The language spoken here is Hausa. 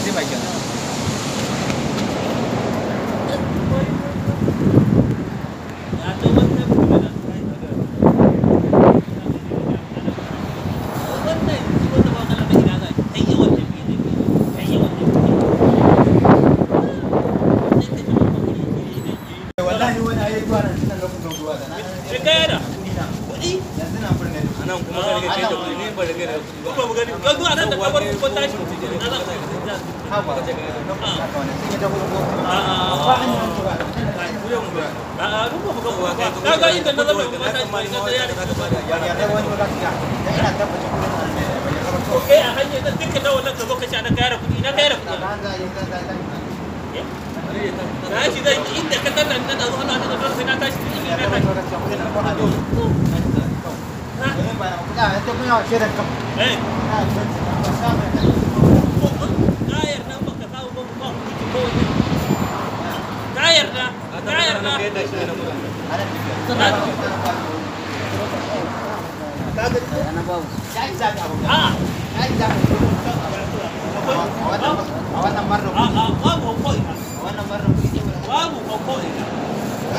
Nanti bagian. Wallahi wani ayyuka na suna lokacin ruwa nan kuma ka rike da kuɗi ba da kuɗi ba ba gani ka zuwa nan da kabar ko tashi mutum ne na zan ka ha ba ka ce ga nan ka ka wannan sai da kuɗi a a ba an nan ba a a duk ba ka ba ka ga inda na zama kuma tashi ba ka ya ya ya da wani ba ka da ina tabbata ko kai a hanyar da duka da wannan ka zo ka ci anan kayar kuɗi na kayar kuɗi na shi zai inda ka tana na da zuwa na da zuwa sai na tashi ne na tashi لا انت 120 رقم ايه دايرنا امك تساوي بابا دايرنا دايرنا انا بوز جاي زاد ابو اه جاي زاد اولا مره اولا مره اولا مره اولا مره